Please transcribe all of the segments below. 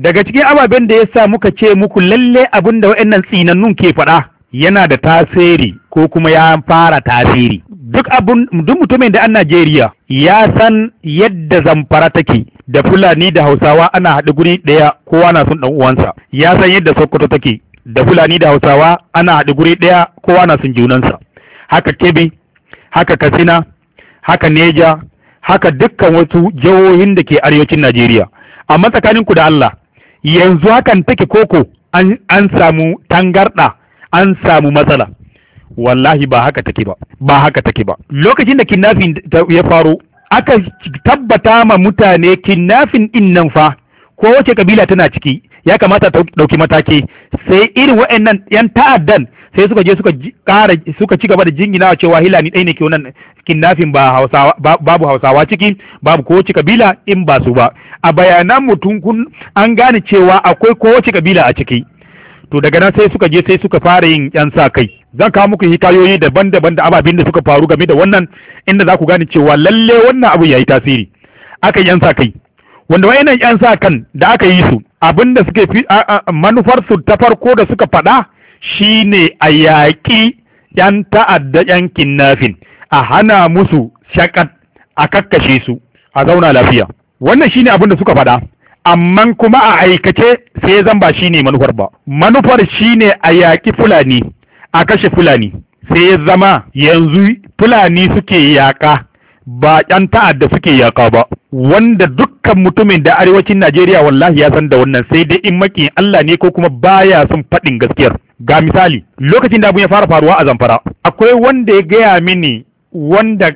daga cikin ababen da ya sa muka ce muku lalle abin da wa'annan tsinannun ke faɗa yana da tasiri ko kuma ya fara tasiri duk abun duk mutumin da an Najeriya ya san yadda zamfara take da Fulani da Hausawa ana haɗu guri ɗaya kowa na son ɗan uwansa ya san yadda Sokoto take da Fulani da Hausawa ana haɗu guri ɗaya kowa na son junansa haka Kebbi haka Katsina haka Neja haka dukkan wasu jihohin da ke arewacin Najeriya amma tsakaninku da Allah yanzu hakan take koko an samu tangarɗa an samu matsala wallahi ba haka take ba ba haka take ba lokacin da kinnafin ya faro aka tabbata ma mutane kinnafin din nan fa ko wace kabila tana ciki ya kamata ta dauki mataki sai irin wa'annan yan ta'addan sai suka je suka kara suka ci gaba da jinginawa cewa hilani ɗaya ne ke wannan kinnafin ba hausawa babu hausawa ciki babu kowace kabila in ba su ba a bayanan mutum kun an gane cewa akwai kowace kabila a ciki to daga nan sai suka je sai suka fara yin yan sa kai zan kawo muku hikayoyi daban-daban da ababin da suka faru game da wannan inda za ku gane cewa lalle wannan abu yayi tasiri aka yan sa kai wanda wayannan yan sa kan da aka yi su abinda suke manufar su ta farko da suka faɗa Shi ne a yaƙi 'yan ta'adda 'yan kinnafin a hana musu shakat a kakkashe su a zauna lafiya wannan shi ne abin da suka faɗa amma kuma a aikace sai zan ba shi ne manufar ba manufar shi ne a yaƙi fulani a kashe fulani sai zama yanzu fulani suke yaƙa ba ƴan ta'adda suke yaƙa ba wanda dukkan mutumin da arewacin Najeriya wallahi ya san da wannan sai dai in maki Allah ne ko kuma baya son faɗin gaskiyar ga misali lokacin da abun ya fara faruwa a Zamfara akwai wanda ya gaya mini wanda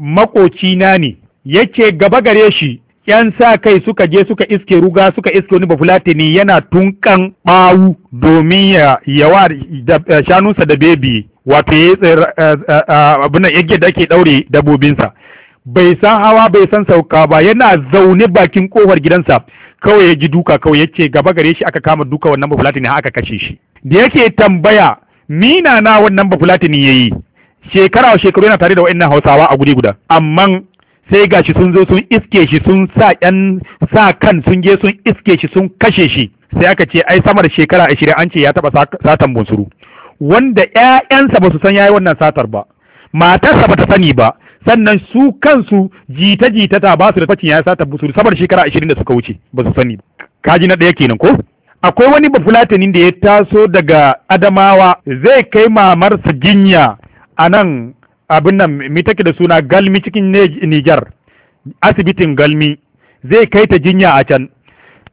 makocina ne yake gaba gare shi 'yan sa kai suka je suka iske ruga suka iske wani bafulatani yana tunkan ɓawu domin ya yawa eh, shanunsa da bebi wato ya yi eh, eh, da yake da ake ɗaure dabobinsa bai san hawa bai san sauka ba yana zaune bakin kofar gidansa kawai ya ji duka kawai yace gaba gare shi aka kama duka wannan bafulatani aka kashe shi da yake tambaya mina na wannan bafulatani yayi shekara shekaru yana tare da wa'annan hausawa a guri guda amma sai gashi sun zo sun iske shi sun sa ƴan sa kan sun je sun iske shi sun kashe shi sai aka ce ai samar shekara ashirin an ce ya taɓa satan bunsuru wanda ƴaƴansa ba su san yayi wannan satar ba matarsa ba ta sani ba sannan su kansu jita-jita ta ba su da facin yayi satar bunsuru samar shekara ashirin da suka wuce ba su sani kaji na ɗaya kenan ko akwai wani bafulatanin da ya taso daga adamawa zai kai mamarsa jinya a nan abin nan mi take da suna galmi cikin Nijar asibitin galmi zai kai ta jinya a can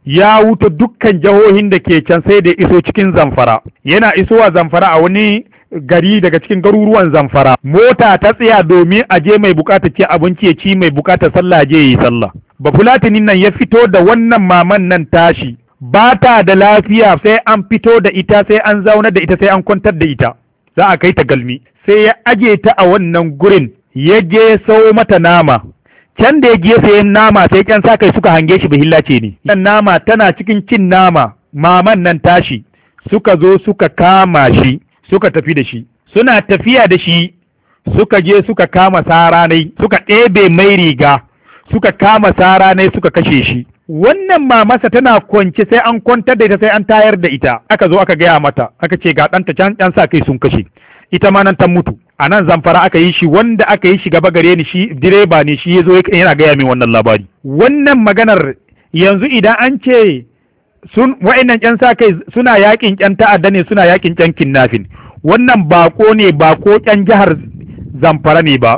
ya wuta dukkan jihohin da ke can sai da iso cikin zamfara yana isowa zamfara a wani gari daga cikin garuruwan zamfara mota ta tsaya domin a je mai bukata ce abinci ya ci mai bukatar sallah je yi sallah ba fulatinin nan ya fito da wannan maman nan tashi ba ta da lafiya sai an fito da ita sai an zauna da ita sai an kwantar da ita za a kai ta galmi sai ya aje ta a wannan gurin ya je sau mata nama can da ya je sai nama sai kyan sa kai suka hange shi bihilla ce ne nan nama tana cikin cin nama maman nan tashi suka zo suka kama shi suka tafi da shi suna tafiya da shi suka je suka kama ne suka ɗebe mai riga suka kama ne suka kashe shi wannan mamasa tana kwance sai an kwantar da ita sai an tayar da ita aka zo aka gaya mata aka ce ga ɗanta can ɗan sa kai sun kashe ita ma nan ta mutu a nan zamfara aka yi shi wanda aka yi shi gaba gare ni shi direba ne shi ya zo yana gaya min wannan labari wannan maganar yanzu idan an ce sun wa'annan yan sa kai suna yakin ƴan ta'adda ne suna yakin ƴan kinnafin wannan bako ne bako yan jihar zamfara ne ba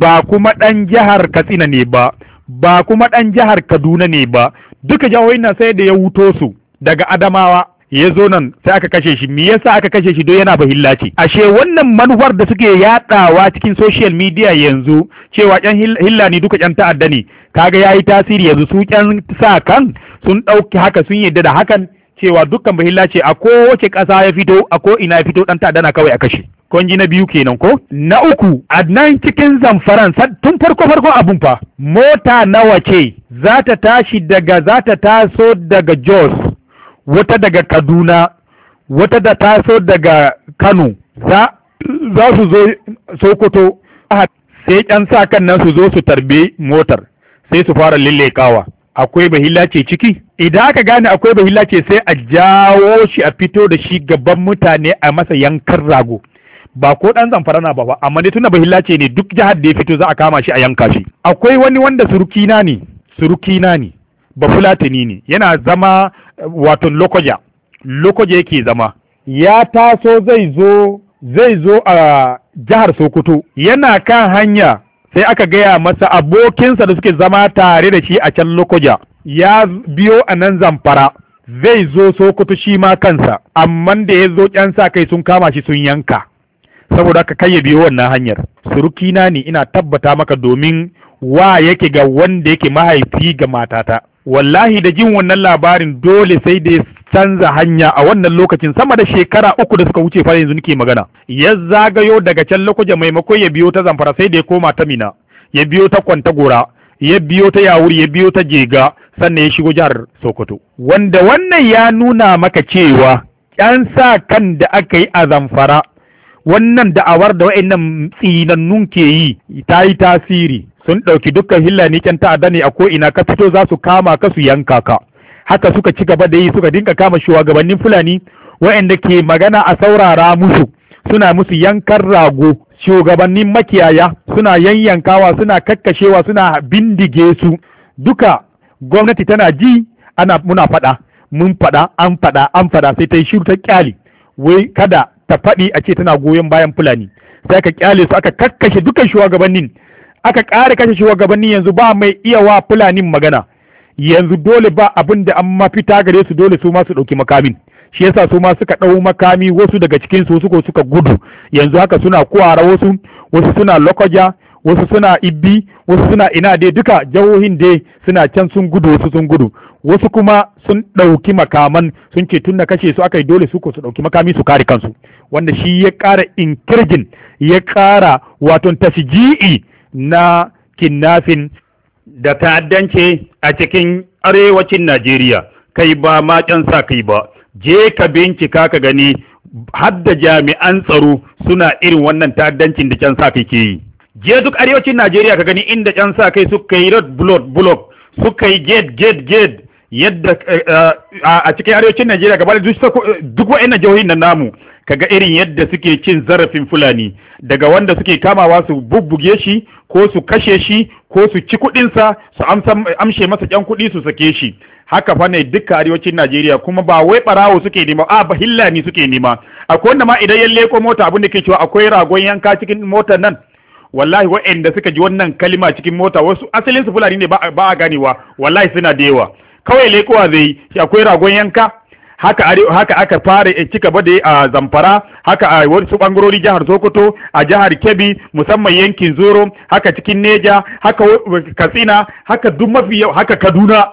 ba kuma ɗan jihar katsina ne ba ba kuma ɗan jihar kaduna ne ba duka jihohin nan sai da ya wuto su daga adamawa ya zo nan sai aka kashe shi me yasa aka kashe shi don yana bahilla ce ashe wannan manufar da suke yadawa cikin social media yanzu cewa yan hilla ne duka yan ta'adda ne kaga yayi tasiri yanzu su yan sa kan sun ɗauki haka sun yadda da hakan cewa dukkan bahilla ce a kowace ƙasa ya fito a ko ina ya fito ɗan ta'adda na kawai a kashe ji na biyu kenan ko na uku adnan cikin zamfaran tun farko farko abun fa mota nawa ce za ta tashi daga za ta taso daga jos wata daga kaduna wata da taso daga kano za su zo sokoto sai yan sa kan nan su zo su tarbe motar sai su fara lillekawa akwai bahila ce ciki idan aka gane akwai bahila ce sai a jawo shi a fito da shi gaban mutane a masa yankan rago ba ko ɗan zamfara na ba ba amma dai tuna bahilla ce ne duk jihar da ya fito za a kama shi a yanka shi akwai wani wanda surukina ne surukina ne bafulatani ne yana zama wato lokoja lokoja yake zama ya taso zai zo zai zo a jihar sokoto yana kan hanya sai aka gaya masa abokinsa da suke zama tare da shi a can lokoja ya biyo a nan zamfara zai zo sokoto shi ma kansa amma da ya zo ƙyan sa kai sun kama shi sun yanka saboda ka kai ya biyo wannan hanyar surukina ne ina tabbata maka domin wa yake ga wanda yake mahaifi ga matata wallahi da jin wannan labarin dole sai da canza hanya a wannan lokacin sama da shekara uku da suka wuce fara yanzu nake magana ya zagayo daga can lokacin maimakon ya biyo ta zamfara sai da ya koma ta mina ya biyo ta kwantagora ya biyo ta yawuri ya biyo ta jega sannan ya shigo jihar sokoto wanda wannan ya nuna maka cewa yan sa kan da aka yi a zamfara wannan da'awar da wa'annan tsinannun ke yi ta yi tasiri sun ɗauki dukkan hillani kyan ta'adda ne a ko'ina ka fito za su kama ka su yanka ka haka suka ci gaba da yi suka dinka kama shugabannin fulani waɗanda ke magana a saurara musu suna musu yankan rago shugabannin makiyaya suna yanyankawa suna kakkashewa suna bindige su duka gwamnati tana ji ana muna faɗa mun faɗa an faɗa an faɗa sai ta yi shiru ta kyale wai kada ta faɗi a ce tana goyon bayan fulani sai aka kyale su aka kakkashe dukan shugabannin aka ƙara kashe shugabanni yanzu ba mai iya wa fulanin magana yanzu dole ba abin da an mafita gare su dole su ma su ɗauki makamin shi yasa su ma suka ɗau makami wasu daga cikin su suka suka gudu yanzu haka suna kuwara wasu wasu suna lokoja wasu suna ibbi wasu suna ina dai duka jahohin dai suna can sun gudu wasu sun gudu wasu kuma sun ɗauki makaman sun ce tun da kashe su aka yi dole su ko su ɗauki makami su kare kansu wanda shi ya ƙara inkirgin ya ƙara waton tasji'i na kinnafin da ta'addance a cikin arewacin Najeriya kai ba ma can sa kai ba je ka bincika ka gani hadda jami'an tsaro suna irin wannan ta'addancin da can sa kai ke yi je duk arewacin Najeriya ka gani inda can sa kai suka yi road blood block suka yi gate gate gate yadda eh, eh, a cikin arewacin Najeriya gaba duk duk na jihohin nan namu kaga irin yadda suke cin zarafin fulani daga wanda suke kamawa su bubbuge shi ko su kashe shi ko su ci kuɗinsa su amshe masa yan kuɗi su sake shi haka fa ne duka arewacin Najeriya kuma ba wai barawo suke nema a ba hillani suke nema akwai wanda ma idan ya leko mota abin da ke cewa akwai ragon yanka cikin motar nan wallahi wa'anda suka ji wannan kalima cikin mota wasu asalin su fulani ne ba a ganewa wallahi suna da yawa kawai lekowa zai yi akwai ragon yanka haka haka aka fara eh, ci gaba da a Zamfara haka a wasu bangarori jihar Sokoto a jihar Kebbi musamman yankin Zoro haka cikin Neja haka Katsina haka duk mafi yau haka Kaduna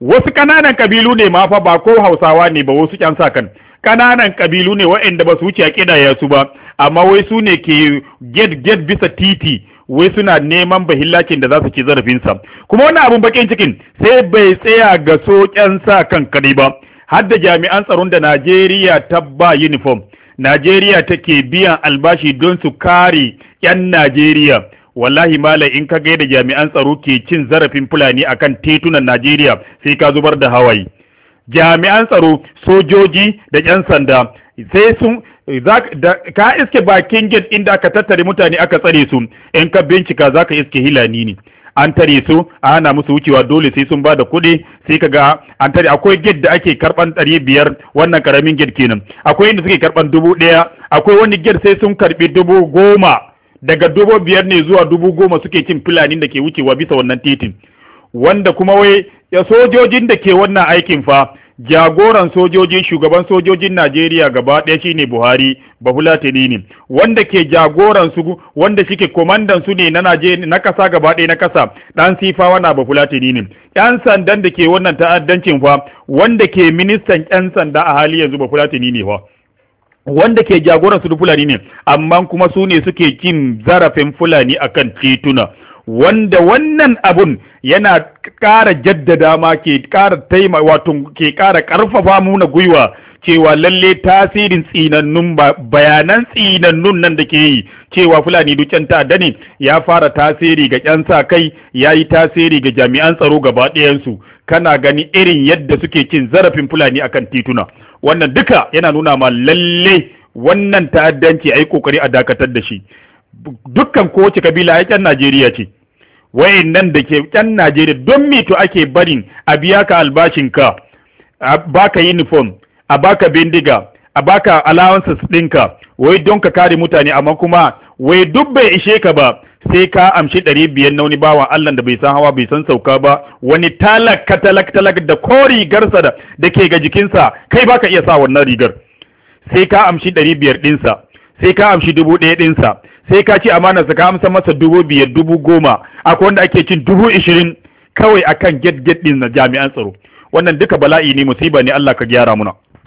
wasu kananan kabilu ne ma fa ba ko Hausawa ne ba wasu kyan sakan kananan kabilu ne waɗanda ba su wuce a kidaya su ba amma wai su ne ke get get bisa titi wai suna neman bahillakin da za su ci zarafinsa kuma wani abun bakin cikin sai bai tsaya ga so kyan kan kadai ba har da jami'an tsaron da Najeriya ta ba uniform Najeriya take biyan albashi don su kare 'yan Najeriya wallahi malam in ka ga da jami'an tsaro ke cin zarafin fulani akan titunan Najeriya sai ka zubar da hawaye jami'an tsaro sojoji da 'yan sanda sai sun ka iske bakin gate inda aka tattare mutane aka tsare su in ka bincika zaka iske hilani ne an tare su a hana musu wucewa dole sai sun ba da kuɗi sai ka ga an tare akwai gate da ake karban ɗari biyar wannan ƙaramin gate kenan akwai inda suke karɓan dubu ɗaya akwai wani gate sai sun karɓi dubu goma daga dubu biyar ne zuwa dubu goma suke cin filanin da ke wucewa bisa wannan titin wanda kuma wai sojojin da ke wannan aikin fa jagoran sojojin shugaban sojojin Najeriya gaba ɗaya shine Buhari Bafulatani ne wanda ke jagoran su wanda shike komandan su ne na Najeriya na kasa gaba ɗaya na kasa dan sifawa na Bafulatani ne yan sandan da ke wannan ta'addancin fa wanda ke ministan yan sanda a hali yanzu Bafulatani ne fa wanda ke jagoran su Fulani ne amma kuma su ne suke cin zarafin Fulani akan tituna wanda wannan abun yana ƙara jaddada ma ke ƙara taima wato ke ƙara ƙarfafa muna gwiwa cewa lalle tasirin tsinannun bayanan tsinannun nan da ke yi cewa fulani dukkan ta ta'adda ne ya fara tasiri ga yan sa kai ya yi tasiri ga jami'an tsaro gaba ɗayansu kana gani irin yadda suke cin zarafin fulani akan tituna wannan duka yana nuna ma lalle wannan ta'addanci a yi kokari a dakatar da shi dukkan kowace kabila ya ƙyan najeriya ce nan da ke yan Najeriya don me ake barin a biya ka albashinka a baka uniform a baka bindiga a baka allowances ɗinka wai don ka kare mutane amma kuma wai duk bai ishe ka ba sai ka amshi ɗari biyar na wani bawan Allah da bai san hawa bai san sauka ba wani talaka talak talak da ko rigarsa da ke ga jikinsa kai baka iya sa wannan rigar sai ka amshi ɗari biyar ɗinsa sai ka amshi dubu ɗaya ɗinsa sai ka ci amanar ka amsa masa dubu biyar dubu goma akwai wanda ake cin dubu ishirin kawai akan get get din na jami'an tsaro wannan duka bala'i ne musiba ne Allah ka gyara muna